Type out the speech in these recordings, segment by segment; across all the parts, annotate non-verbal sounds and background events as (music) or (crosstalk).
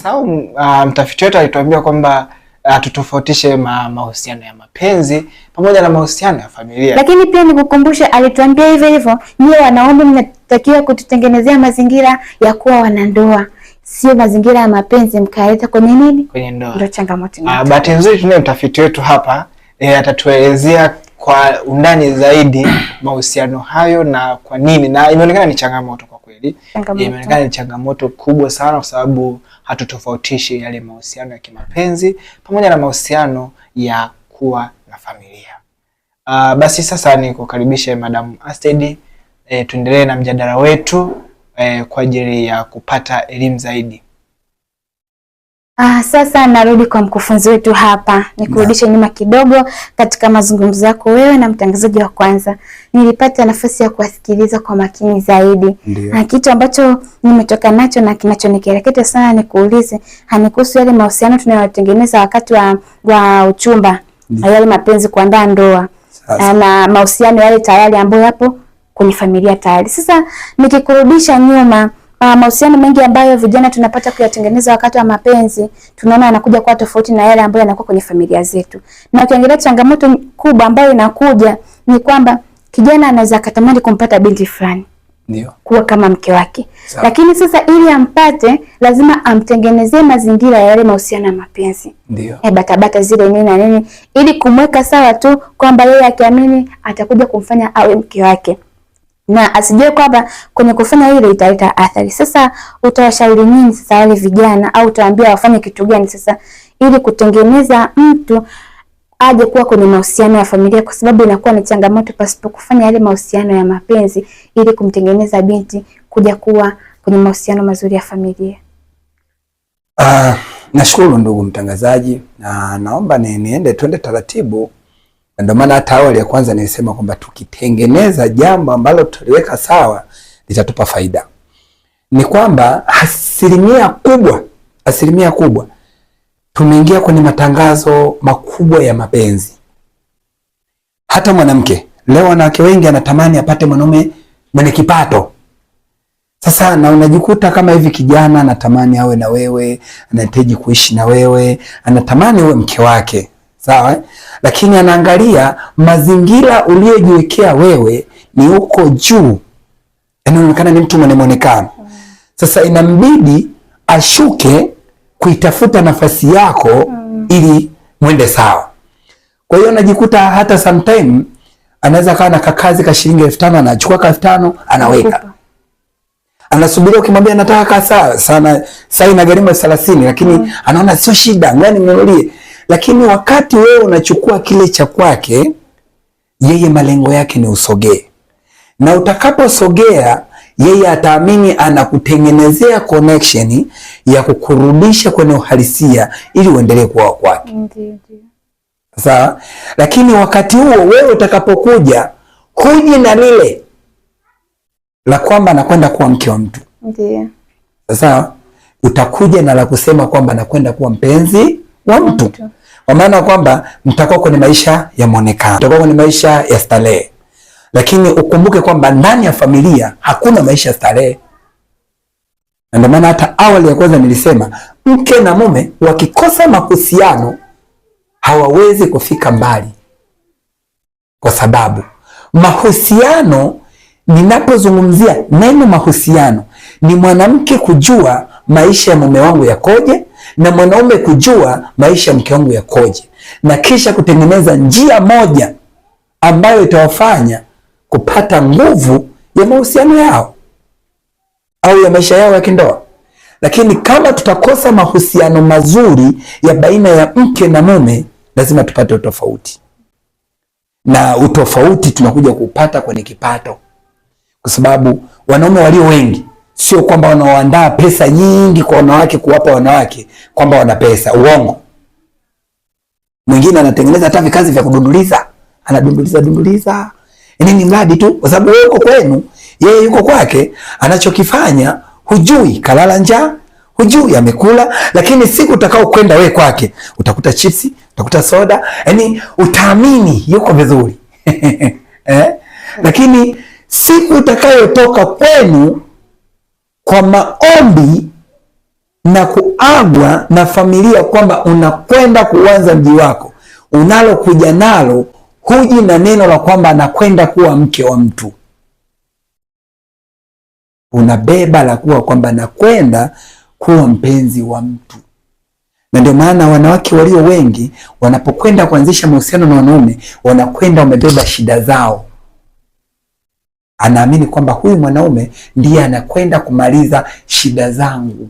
nisahau uh, ah, mtafiti wetu alituambia kwamba uh, tutofautishe ma, mahusiano ya mapenzi pamoja na mahusiano ya familia, lakini pia nikukumbushe, alituambia hivyo hivyo, nyie wanaume mnatakiwa kututengenezea mazingira ya kuwa wanandoa sio mazingira ya mapenzi mkayaleta kwenye nini, kwenye ndoa. Ndio changamoto. Ah, bahati nzuri tunaye mtafiti wetu hapa e, atatuelezea kwa undani zaidi (clears throat) mahusiano hayo na kwa nini, na inaonekana ni changamoto zaidi, imeonekana ni changamoto kubwa sana, kwa sababu hatutofautishi yale mahusiano ya kimapenzi pamoja na mahusiano ya kuwa na familia. Uh, basi sasa ni kukaribisha Madam Astedi eh, tuendelee na mjadala wetu eh, kwa ajili ya kupata elimu zaidi. Ah, sasa narudi kwa mkufunzi wetu hapa, nikurudishe nyuma kidogo katika mazungumzo yako wewe na mtangazaji wa kwanza. Nilipata nafasi ya kuwasikiliza kwa makini zaidi, na kitu ambacho nimetoka nacho na kinachonikereketa sana nikuulize, hanikuhusu yale mahusiano tunayotengeneza wakati wa, wa uchumba, yale mapenzi, kuandaa ndoa eh, na mahusiano yale tayari ambayo yapo kwenye familia tayari. Sasa nikikurudisha nyuma uh, mahusiano mengi ambayo vijana tunapata kuyatengeneza wakati wa mapenzi tunaona yanakuja kuwa tofauti na yale ambayo yanakuwa kwenye familia zetu. Na ukiangalia changamoto kubwa ambayo inakuja ni kwamba kijana anaweza akatamani kumpata binti fulani ndio kuwa kama mke wake, lakini sasa ili ampate lazima amtengenezee mazingira ya yale mahusiano ya mapenzi, ndio e, eh, batabata zile nini na nini, ili kumweka sawa tu kwamba yeye akiamini atakuja kumfanya awe mke wake na asijue kwamba kwenye kufanya hilo italeta athari. Sasa utawashauri nini sasa wale vijana, au utawaambia wafanye kitu gani sasa ili kutengeneza mtu aje kuwa kwenye mahusiano ya familia, kwa sababu inakuwa ni changamoto pasipo kufanya yale mahusiano ya mapenzi, ili kumtengeneza binti kuja kuwa kwenye mahusiano mazuri ya familia. Uh, nashukuru ndugu mtangazaji, na naomba ni, niende twende taratibu na ndio maana hata awali ya kwanza nilisema kwamba tukitengeneza jambo ambalo tutaliweka sawa litatupa faida, ni kwamba asilimia kubwa, asilimia kubwa tumeingia kwenye matangazo makubwa ya mapenzi. Hata mwanamke leo, wanawake wengi anatamani apate mwanaume mwenye kipato. Sasa na unajikuta kama hivi, kijana anatamani awe na wewe, anahitaji kuishi na wewe, anatamani uwe mke wake sawa, eh? lakini anaangalia mazingira uliyojiwekea wewe, ni huko juu, inaonekana ni mtu mwenye mwonekano. Sasa inambidi ashuke kuitafuta nafasi yako ili mwende sawa. Kwa hiyo anajikuta hata sometime anaweza kawa na kakazi ka shilingi elfu tano anachukua ka elfu tano anaweka anasubiri ukimwambia nataka ka sana sai na gharimu elfu thelathini lakini mm. anaona sio shida, ngani mnunulie lakini wakati wewe unachukua kile cha kwake, yeye malengo yake ni usogee, na utakaposogea yeye ataamini anakutengenezea connection ya kukurudisha kwenye uhalisia ili uendelee kuwa kwake. Sawa? Lakini wakati huo wewe utakapokuja huji na lile la kwamba nakwenda kuwa mke wa mtu. Ndio. Sawa? Utakuja na la kusema kwamba nakwenda kuwa mpenzi wa mtu kwa maana kwamba mtakuwa kwenye maisha ya mwonekano, mtakuwa kwenye maisha ya starehe, lakini ukumbuke kwamba ndani ya familia hakuna maisha ya starehe. Na ndio maana hata awali ya kwanza nilisema mke na mume wakikosa mahusiano hawawezi kufika mbali, kwa sababu mahusiano, ninapozungumzia neno mahusiano, ni mwanamke kujua maisha ya mume wangu yakoje, na mwanaume kujua maisha ya mke wangu yakoje, na kisha kutengeneza njia moja ambayo itawafanya kupata nguvu ya mahusiano yao au ya maisha yao ya kindoa. Lakini kama tutakosa mahusiano mazuri ya baina ya mke na mume, lazima tupate utofauti, na utofauti tunakuja kupata kwenye kipato, kwa sababu wanaume walio wengi sio kwamba wanaoandaa pesa nyingi kwa wanawake kuwapa wanawake kwamba wana pesa. Uongo. Mwingine anatengeneza hata vikazi vya kudunduliza, anadunduliza dunduliza, yaani ni mradi tu, kwa sababu wewe uko kwenu, yeye yuko kwake. Anachokifanya hujui, kalala njaa, hujui amekula. Lakini siku utakao kwenda wewe kwake, utakuta chipsi, utakuta soda, yani utaamini yuko vizuri (laughs) eh? Lakini siku utakayotoka kwenu kwa maombi na kuagwa na familia kwamba unakwenda kuanza mji wako, unalokuja nalo huji na neno la kwamba anakwenda kuwa mke wa mtu, unabeba la kuwa kwamba nakwenda kuwa mpenzi wa mtu. Na ndio maana wanawake walio wengi wanapokwenda kuanzisha mahusiano na wanaume wanakwenda wamebeba shida zao anaamini kwamba huyu mwanaume ndiye anakwenda kumaliza shida zangu,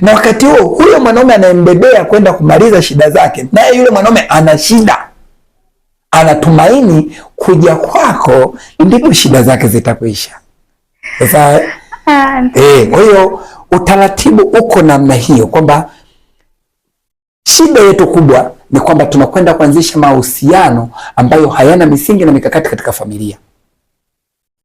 na wakati huo huyo mwanaume anayembebea kwenda kumaliza shida zake, naye yule mwanaume ana shida, anatumaini kuja kwako ndipo shida zake zitakuisha. Sasa eh, kwa hiyo utaratibu uko namna hiyo kwamba shida yetu kubwa ni kwamba tunakwenda kuanzisha mahusiano ambayo hayana misingi na mikakati katika familia.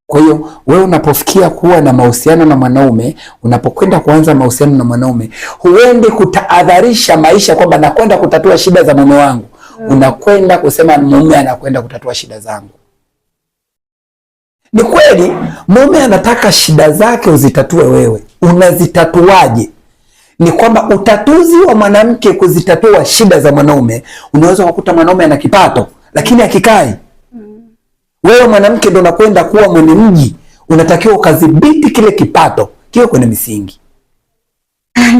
Kwa hiyo wewe unapofikia kuwa na mahusiano na mwanaume, unapokwenda kuanza mahusiano na mwanaume, huendi kutahadharisha maisha kwamba nakwenda kutatua shida za mume wangu mm. Unakwenda kusema mume anakwenda kutatua shida zangu. Ni kweli mume anataka shida zake uzitatue wewe, unazitatuaje? Ni kwamba utatuzi wa mwanamke kuzitatua shida za mwanaume, unaweza kukuta mwanaume ana kipato lakini akikai wewe mwanamke ndo unakwenda kuwa mwenye mji, unatakiwa ukadhibiti kile kipato kiwe kwenye misingi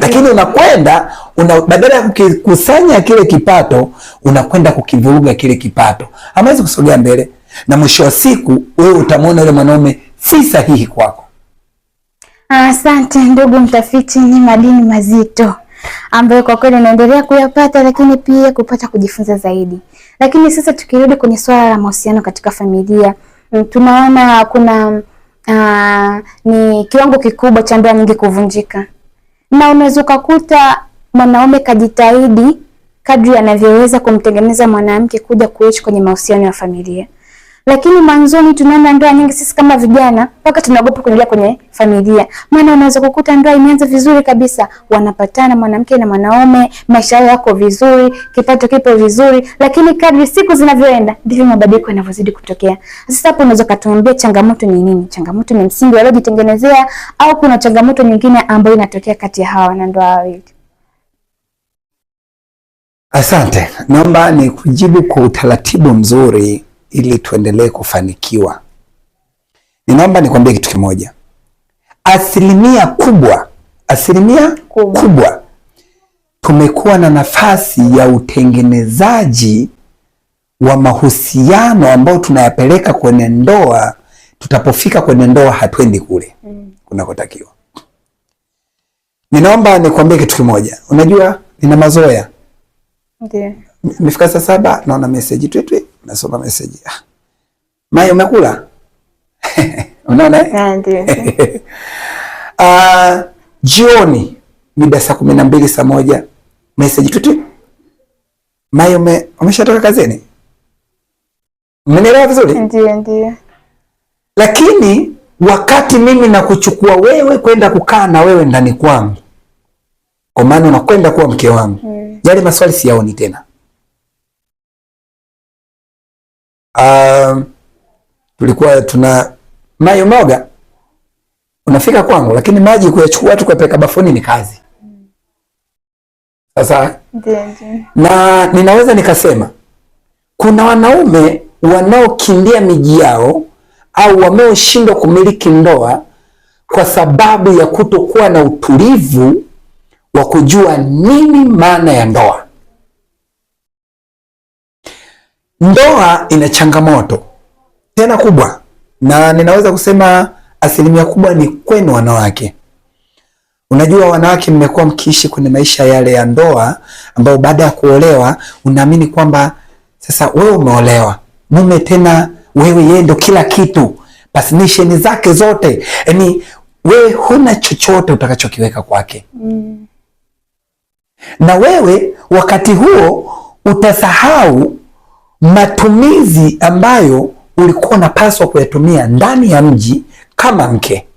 lakini unakwenda una, badala ya kukikusanya kile kipato unakwenda kukivuruga kile kipato, hawezi kusogea mbele, na mwisho wa siku wewe utamwona yule mwanaume si sahihi kwako. Asante ndugu mtafiti, ni madini mazito ambayo kwa kweli naendelea kuyapata, lakini pia kupata kujifunza zaidi. Lakini sasa tukirudi kwenye swala la mahusiano katika familia, mm, tunaona kuna uh, ni kiwango kikubwa cha ndoa nyingi kuvunjika, na unaweza ukakuta mwanaume kajitahidi kadri anavyoweza kumtengeneza mwanamke kuja kuishi kwenye mahusiano ya familia lakini mwanzoni tunaona ndoa nyingi sisi kama vijana mpaka tunaogopa kuingia kwenye familia. Maana unaweza kukuta ndoa imeanza vizuri kabisa, wanapatana mwanamke na mwanaume, maisha yao yako vizuri, kipato kipo vizuri, lakini kadri siku zinavyoenda ndivyo mabadiliko yanavyozidi kutokea. Sasa hapo unaweza kutuambia changamoto ni nini? Changamoto ni msingi waliojitengenezea au kuna changamoto nyingine ambayo inatokea kati ya hawa wanandoa wawili? Asante, naomba ni kujibu kwa utaratibu mzuri ili tuendelee kufanikiwa. Ninaomba nikwambie kitu kimoja, asilimia kubwa, asilimia kubwa, kubwa tumekuwa na nafasi ya utengenezaji wa mahusiano ambayo tunayapeleka kwenye ndoa. Tutapofika kwenye ndoa hatuendi kule mm, kunakotakiwa. Ninaomba nikwambie kitu kimoja, unajua nina mazoea, ndio imefika saa saba naona meseji twetwe nasoma message. Ah. Mai umekula? (laughs) Unaona? (laughs) Ah, jioni mida saa kumi na mbili saa moja message tutu. Mai ume, umeshatoka kazini? Mmenielewa vizuri? Ndio, ndio. Lakini wakati mimi nakuchukua wewe kwenda kukaa na wewe ndani kwangu, kwa maana unakwenda kuwa mke wangu, mm. yale maswali siyaoni tena. uh, tulikuwa tuna mayo moga unafika kwangu, lakini maji kuyachukua tu kuyapeleka bafuni ni kazi. Sasa na ninaweza nikasema kuna wanaume wanaokimbia miji yao au wameoshindwa kumiliki ndoa kwa sababu ya kutokuwa na utulivu wa kujua nini maana ya ndoa. Ndoa ina changamoto tena kubwa, na ninaweza kusema asilimia kubwa ni kwenu wanawake. Unajua, wanawake mmekuwa mkiishi kwenye maisha yale ya ndoa, ambayo baada ya kuolewa unaamini kwamba sasa wewe umeolewa, mume tena wewe, yeye ndo kila kitu, pasinisheni zake zote, yani wewe huna chochote utakachokiweka kwake mm. na wewe wakati huo utasahau matumizi ambayo ulikuwa unapaswa kuyatumia ndani ya mji kama mke.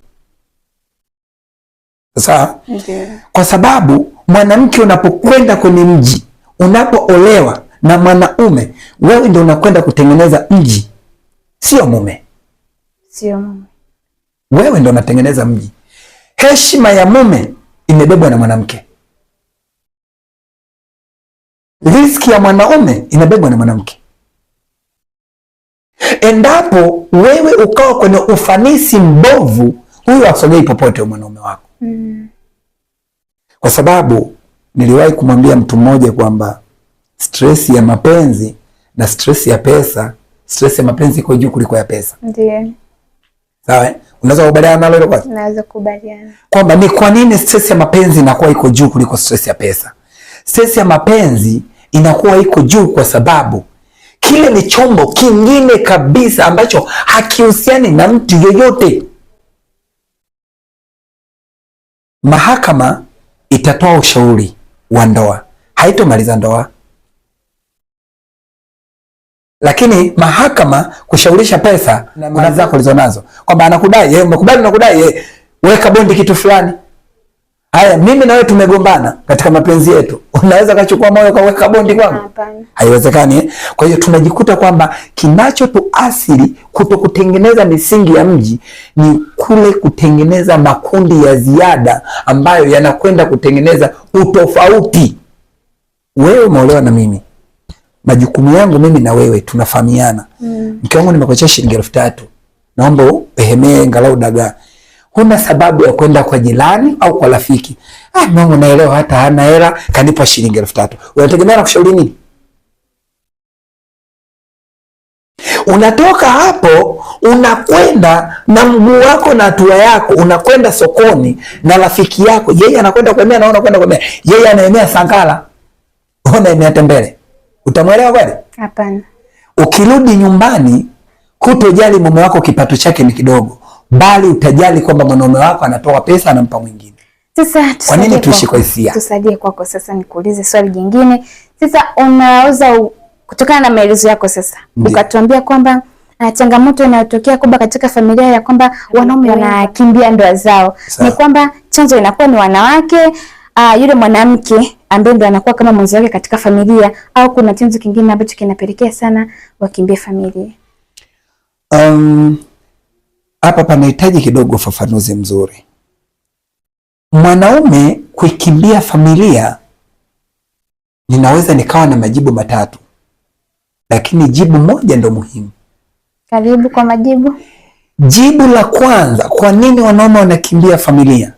Sawa? Okay. Kwa sababu mwanamke unapokwenda kwenye mji, unapoolewa na mwanaume, wewe ndio unakwenda kutengeneza mji, sio mume. Sio mume. Wewe ndio unatengeneza mji. Heshima ya mume imebebwa na mwanamke. Riziki ya mwanaume inabebwa na mwanamke. Endapo wewe ukawa kwenye ufanisi mbovu, huyu asogei popote mwanaume wako mm. Kwa sababu niliwahi kumwambia mtu mmoja kwamba stress ya mapenzi na stress ya pesa, stress ya mapenzi iko juu kuliko ya pesa. Ndiyo. Sawa, unaweza kukubaliana nalo hilo kwanza? Naweza Kwamba ni kwa nini stress ya mapenzi inakuwa iko juu kuliko stress ya pesa? Stress ya mapenzi inakuwa iko juu kwa sababu kile ni chombo kingine kabisa ambacho hakihusiani na mtu yoyote. Mahakama itatoa ushauri wa ndoa, haitomaliza ndoa, lakini mahakama kushaurisha pesa kuna zako ulizonazo, kwamba anakudai yeye, eh, umekubali, unakudai yeye, eh, weka bondi kitu fulani Haya, mimi na wewe tumegombana katika mapenzi yetu, (laughs) unaweza kachukua moyo kaweka bondi kwangu? haiwezekani eh? Kwa hiyo tunajikuta kwamba kinachotuasili kuto kutengeneza misingi ya mji ni kule kutengeneza makundi ya ziada ambayo yanakwenda kutengeneza utofauti. Wewe umeolewa na mimi, majukumu yangu mimi na wewe tunafahamiana. Mm. Mke wangu, nimekuachia shilingi elfu tatu, naomba uhemee ngalau dagaa huna sababu ya kwenda kwa jirani au kwa rafiki. Ah, mwangu naelewa, hata hana hela, kanipa shilingi elfu tatu. Unategemea na kushauri nini? Unatoka hapo unakwenda na mguu wako na hatua yako, unakwenda sokoni na rafiki yako, yeye anakwenda kuemea na unakwenda kuemea, yeye anaemea sangala, unaemea tembele. Utamwelewa kweli? Hapana. Ukirudi nyumbani, kutojali mume wako kipato chake ni kidogo bali utajali kwamba mwanaume wako anatoa pesa anampa mwingine. Sasa kwa nini tuishi kwa hisia? Tusaidie kwako. Sasa nikuulize swali jingine. Sasa unaweza kutokana na maelezo yako sasa ukatuambia kwamba uh, changamoto inayotokea kubwa katika familia ya kwamba wanaume wanakimbia ndoa zao sa, ni kwamba chanzo inakuwa ni wanawake uh, yule mwanamke ambaye ndo anakuwa kama mwanzo wake katika familia, au kuna chanzo kingine ambacho kinapelekea sana wakimbie familia? Um, hapa panahitaji kidogo ufafanuzi mzuri. Mwanaume kuikimbia familia, ninaweza nikawa na majibu matatu, lakini jibu moja ndo muhimu. Karibu kwa majibu. Jibu la kwanza, kwa nini wanaume wanakimbia familia?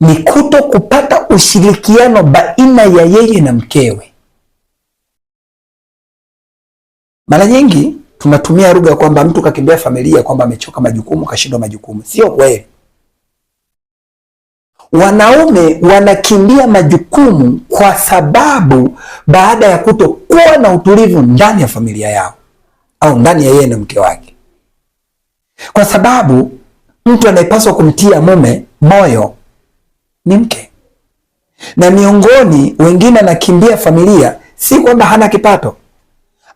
Ni kuto kupata ushirikiano baina ya yeye na mkewe. Mara nyingi tunatumia lugha kwamba mtu kakimbia familia kwamba amechoka majukumu, kashindwa majukumu. Sio kweli. Wanaume wanakimbia majukumu kwa sababu baada ya kutokuwa na utulivu ndani ya familia yao au ndani ya yeye na mke wake, kwa sababu mtu anayepaswa kumtia mume moyo ni mke. Na miongoni wengine anakimbia familia, si kwamba hana kipato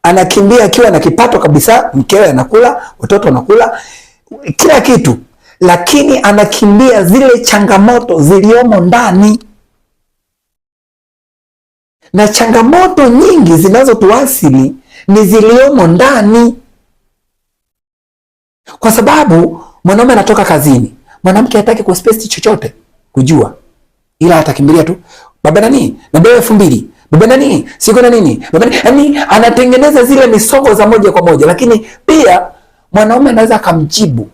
anakimbia akiwa na kipato kabisa, mkewe anakula, watoto wanakula, kila kitu, lakini anakimbia zile changamoto ziliomo ndani. Na changamoto nyingi zinazotuasili ni ziliomo ndani, kwa sababu mwanaume anatoka kazini, mwanamke hataki kuspesi chochote kujua, ila atakimbilia tu baba nani, napewa elfu mbili baba nani siko na nini baba nani, anatengeneza zile misongo za moja kwa moja, lakini pia mwanaume anaweza akamjibu,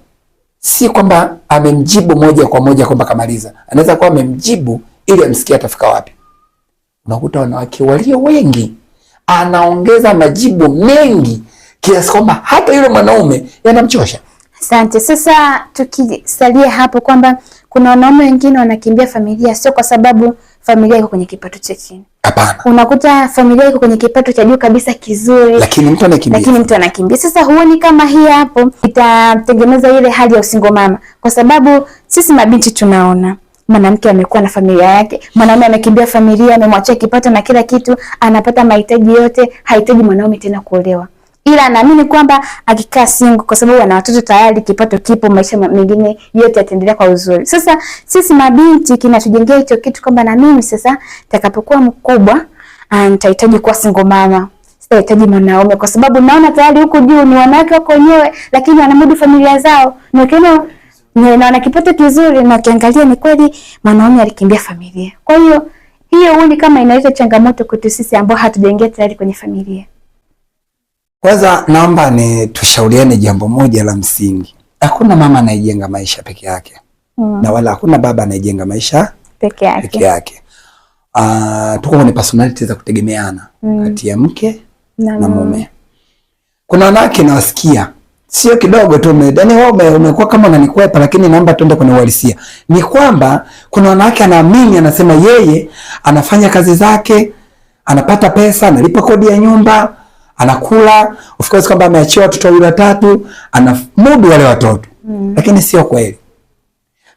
si kwamba amemjibu moja kwa moja kwamba kamaliza, anaweza kuwa amemjibu ili amsikie atafika wapi. Unakuta wanawake walio wengi anaongeza majibu mengi kiasi kwamba hata yule mwanaume yanamchosha. Asante. Sasa tukisalia hapo kwamba kuna wanaume wengine wanakimbia familia sio kwa sababu familia iko kwenye kipato cha chini Hapana. Unakuta familia iko kwenye kipato cha juu kabisa kizuri, lakini mtu anakimbia, lakini mtu anakimbia. Sasa huoni kama hii hapo itatengeneza ile hali ya usingo mama Kwa sababu sisi mabinti tunaona mwanamke amekuwa na familia yake, mwanaume amekimbia familia, amemwachia kipato na kila kitu, anapata mahitaji yote, hahitaji mwanaume tena kuolewa ila naamini kwamba akikaa single, kwa sababu ana watoto tayari, kipato kipo, maisha mengine yote yataendelea kwa uzuri. Sasa sisi mabinti kinatujengea hicho kitu kwamba na mimi sasa nitakapokuwa mkubwa ah, nitahitaji kuwa single mama, sitahitaji mwanaume, kwa sababu naona tayari huku juu ni wanawake wako wenyewe, lakini wanamudu familia zao nakena na na kipato kizuri, na kiangalia ni kweli mwanaume alikimbia familia. Kwa hiyo hiyo huni kama inaleta changamoto kwetu sisi ambao hatujengea tayari kwenye familia. Kwanza naomba ni tushauriane jambo moja la msingi. Hakuna mama anayejenga maisha peke yake mm. na wala hakuna baba anayejenga maisha peke yake, peke yake. Uh, tuko kwenye personality za kutegemeana mm. kati ya mke na, na mume. Kuna wanawake nawasikia sio kidogo tu, yani wewe umekuwa kama unanikwepa, lakini naomba tuende kwenye uhalisia. Ni kwamba kuna wanawake anaamini, anasema yeye anafanya kazi zake, anapata pesa, analipa kodi ya nyumba anakula of course kwamba ameachiwa watoto wawili watatu, anamudu wale watoto mm. Lakini sio kweli.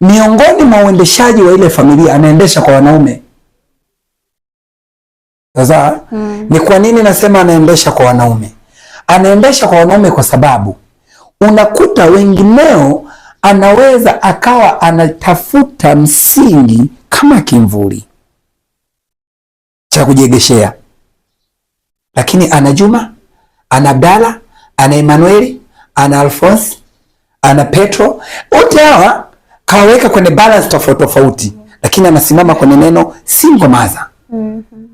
Miongoni mwa uendeshaji wa ile familia anaendesha kwa wanaume. Sasa mm. ni kwa nini nasema anaendesha kwa wanaume? Anaendesha kwa wanaume kwa sababu unakuta wengineo anaweza akawa anatafuta msingi kama kimvuli cha kujiegeshea, lakini ana Juma ana Abdala, ana Emanueli, ana Alphonse, ana Petro. Wote hawa kawaweka kwenye balance tofauti tofauti, lakini anasimama kwenye neno single mother. Mm mm-hmm.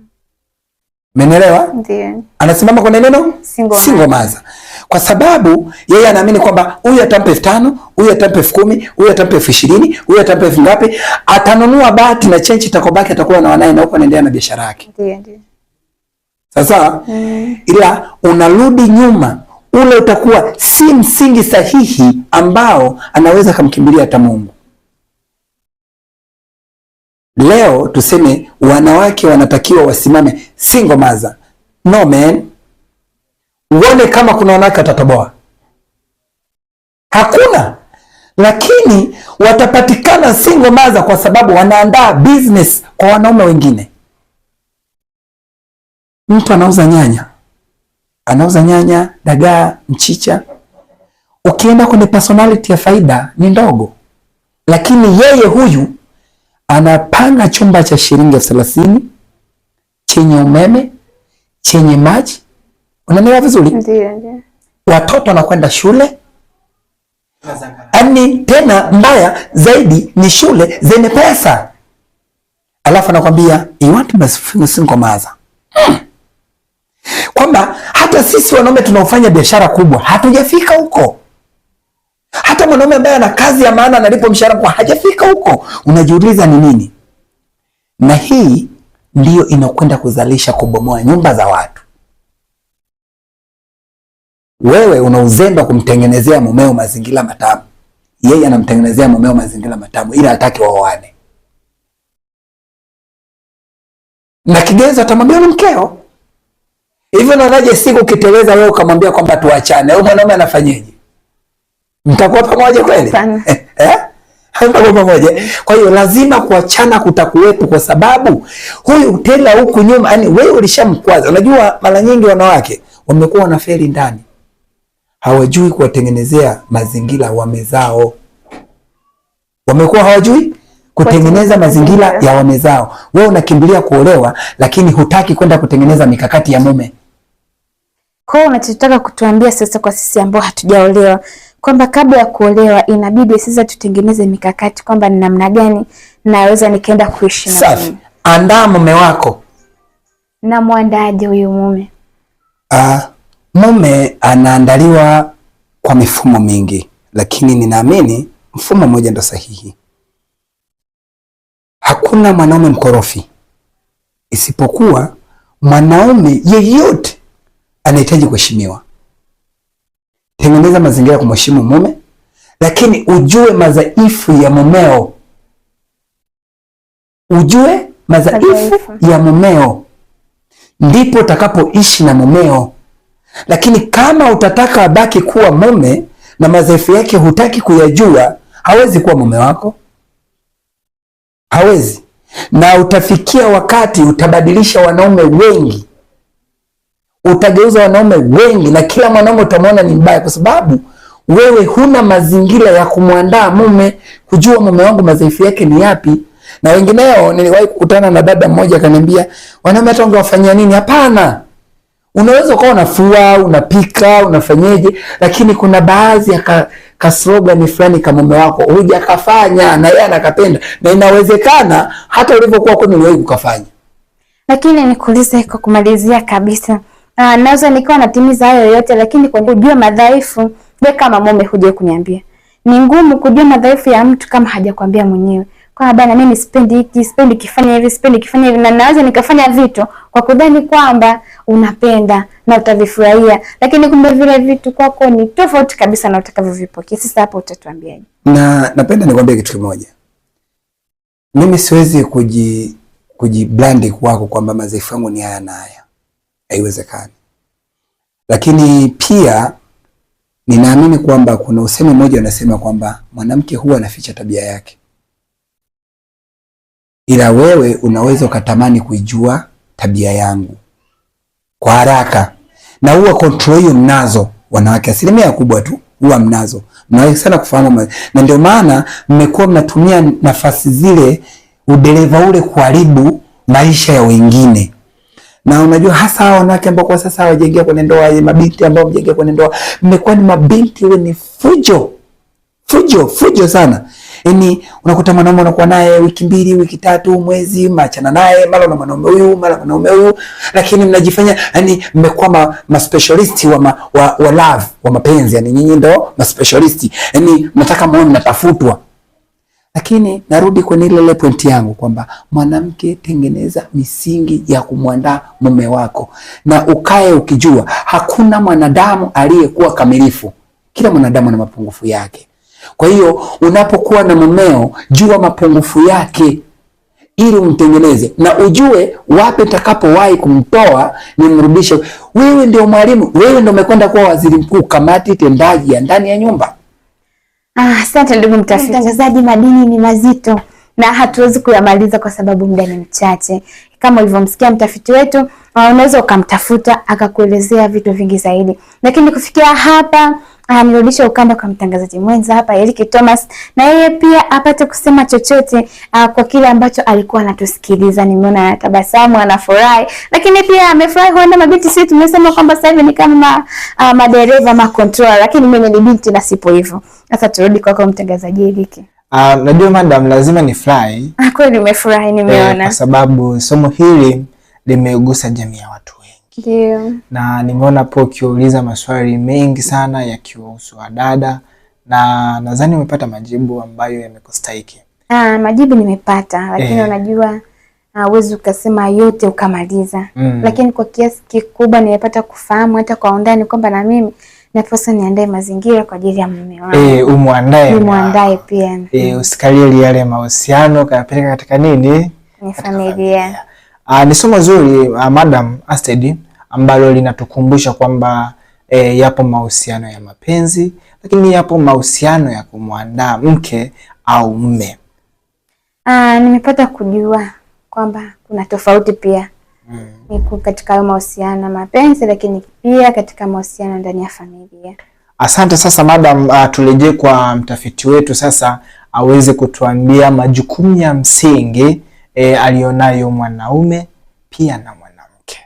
Menelewa? Ndiyo. Anasimama kwenye neno single, single mother. Kwa sababu yeye anaamini kwamba huyu atampa elfu tano, huyu atampa elfu kumi, huyu atampa elfu ishirini, huyu atampa elfu ngapi, atanunua bati na chenchi itakobaki atakuwa na wanaye na huko anaendelea na biashara yake. Ndiyo, ndiyo. Sasa mm. ila unarudi nyuma, ule utakuwa si msingi sahihi ambao anaweza akamkimbilia hata Mungu. Leo tuseme wanawake wanatakiwa wasimame single mother. No man. Uone kama kuna wanawake watatoboa, hakuna, lakini watapatikana single mother kwa sababu wanaandaa business kwa wanaume wengine mtu anauza nyanya, anauza nyanya, dagaa, mchicha. Ukienda kwenye personality ya faida ni ndogo, lakini yeye huyu anapanga chumba cha shilingi elfu thelathini chenye umeme chenye maji, unanielewa vizuri? Watoto wanakwenda shule ani, tena mbaya zaidi ni shule zenye pesa, alafu anakwambia iwatu masingo maza hmm kwamba hata sisi wanaume tunaofanya biashara kubwa hatujafika huko. Hata mwanaume ambaye ana kazi ya maana analipo mshahara kwa hajafika huko. Unajiuliza ni nini? Na hii ndiyo inakwenda kuzalisha kubomoa nyumba za watu. Wewe una uzembe kumtengenezea mumeo mazingira matamu, yeye anamtengenezea mumeo mazingira matamu, ili hataki waoane. Na kigezo atamwambia ni mkeo Hivi unaonaje siku kiteleza wewe ukamwambia kwamba tuachane? Huyo mwanaume anafanyaje? Mtakuwa pamoja kweli? Eh? (laughs) Eh? Mtakuwa pamoja. Kwa hiyo lazima kuachana kutakuwepo kwa sababu huyu tena huku nyuma, yani wewe ulishamkwaza. Unajua mara nyingi wanawake wamekuwa feli ndani. Hawajui kuwatengenezea mazingira wamezao. Wamekuwa hawajui kutengeneza mazingira ya wamezao. Wewe unakimbilia kuolewa, lakini hutaki kwenda kutengeneza mikakati ya mume. Kwa hiyo unachotaka kutuambia sasa kwa sisi ambao hatujaolewa kwamba kabla ya kuolewa inabidi sasa tutengeneze mikakati kwamba ni namna gani naweza nikaenda kuishi na safi. Andaa mume wako. Na mwandaje huyu mume? Ah, mume anaandaliwa kwa mifumo mingi, lakini ninaamini mfumo mmoja ndo sahihi. Hakuna mwanaume mkorofi, isipokuwa mwanaume yeyote anahitaji kuheshimiwa. Tengeneza mazingira ya kumheshimu mume, lakini ujue madhaifu ya mumeo, ujue madhaifu ya mumeo, ndipo utakapoishi na mumeo. Lakini kama utataka abaki kuwa mume na madhaifu yake hutaki kuyajua, hawezi kuwa mume wako, hawezi. Na utafikia wakati utabadilisha wanaume wengi utageuza wanaume wengi, na kila mwanaume utamwona ni mbaya, kwa sababu wewe huna mazingira ya kumwandaa mume, kujua mume wangu madhaifu yake ni yapi. Na wengineo, niliwahi kukutana na dada mmoja akaniambia, wanaume hata ungewafanyia nini, hapana unaweza ukawa unafua, unapika, unafanyeje, lakini kuna baadhi ya ka, ka slogan fulani kama mume wako huja kafanya na yeye anakapenda, na inawezekana hata ulivyokuwa kwenye uliwahi kukafanya. Lakini nikuulize kwa kumalizia kabisa, na ah, naweza nikawa natimiza hayo yote, lakini kwa kujua madhaifu, wewe kama mume huje kuniambia. Ni ngumu kujua madhaifu ya mtu kama hajakwambia mwenyewe. Kwa bana, mimi sipendi hiki, sipendi kifanya hivi, sipendi kifanya hivi, na naweza nikafanya vitu kwa kudhani kwamba unapenda na utavifurahia, lakini kumbe vile vitu kwako ni tofauti kabisa na utakavyovipokea. Sasa hapo utatuambiaje? Na napenda nikwambie kitu kimoja, mimi siwezi kuji kujiblandi kwako kwamba madhaifu yangu ni haya na haya haiwezekani. Lakini pia ninaamini kwamba kuna usemi mmoja unasema kwamba mwanamke huwa anaficha tabia yake, ila wewe unaweza ukatamani kuijua tabia yangu kwa haraka, na huwa control hiyo mnazo wanawake, asilimia kubwa tu huwa mnazo, mnawake sana kufahamu, na ndio maana mmekuwa mnatumia nafasi zile, udereva ule, kuharibu maisha ya wengine na unajua hasa hao wanawake ambao kwa sasa hawajaingia kwenye ndoa, mabinti ambao hawajaingia kwenye ndoa, mmekuwa ni mabinti wewe ni fujo fujo fujo sana. Yani unakuta mwanaume unakuwa naye wiki mbili, wiki tatu, mwezi, machana naye, mara na mwanaume huyu, mara mwanaume huyu, lakini mnajifanya yani mmekuwa ma, ma specialist wa, ma, wa, wa love wa mapenzi, yani nyinyi ndo ma specialist, yani mnataka muone mnatafutwa lakini narudi kwenye ile ile pointi yangu kwamba mwanamke, tengeneza misingi ya kumwandaa mume wako, na ukae ukijua hakuna mwanadamu aliyekuwa kamilifu. Kila mwanadamu ana mapungufu yake. Kwa hiyo unapokuwa na mumeo, jua mapungufu yake ili umtengeneze na ujue wapi takapowahi kumtoa nimrudishe. Wewe ndio mwalimu, wewe ndio umekwenda kuwa waziri mkuu, kamati tendaji ya ndani ya nyumba Ah, asante ah, ndugu mtangazaji, madini ni mazito na hatuwezi kuyamaliza kwa sababu muda ni mchache. Kama ulivyomsikia mtafiti wetu, ah, unaweza ukamtafuta akakuelezea vitu vingi zaidi, lakini kufikia hapa ah, nirudisha ukanda kwa mtangazaji mwenza hapa Eric Thomas, na yeye pia apate kusema chochote uh, kwa kile ambacho alikuwa anatusikiliza. Nimeona anatabasamu, anafurahi, lakini pia amefurahi. Huenda mabinti sisi tumesema kwamba sasa hivi ni kama uh, madereva ma lakini mimi ni binti na sipo hivyo. Sasa turudi kwako mtangazaji Eric. uh, ah, najua madam, lazima ni Ah, kweli nimefurahi eh, nimeona. Kwa sababu somo hili limegusa jamii ya watu wengi. Ndio. Na nimeona po ukiuliza maswali mengi sana yakiwahusu wadada na nadhani umepata majibu ambayo yamekustahiki. Ah, majibu nimepata lakini eh. unajua ah, huwezi uh, ukasema yote ukamaliza. Mm. Lakini kwa kiasi kikubwa nimepata kufahamu hata kwa undani kwamba na mimi Napaswa niandae mazingira kwa ajili ya mume wangu. Eh, umuandae. Umuandae pia. Eh, usikalie yale mahusiano kayapeleka katika nini? Ni familia. Ah, ni somo zuri uh, Madam Astrid ambalo linatukumbusha kwamba E, yapo mahusiano ya mapenzi lakini yapo mahusiano ya kumwandaa mke au mme. Ah, nimepata kujua kwamba kuna tofauti pia niko katika mahusiano mapenzi, lakini pia katika mahusiano ndani ya familia. Asante. Sasa madam, uh, turejee kwa mtafiti wetu sasa aweze kutuambia majukumu ya msingi e, eh, aliyonayo mwanaume pia na mwanamke.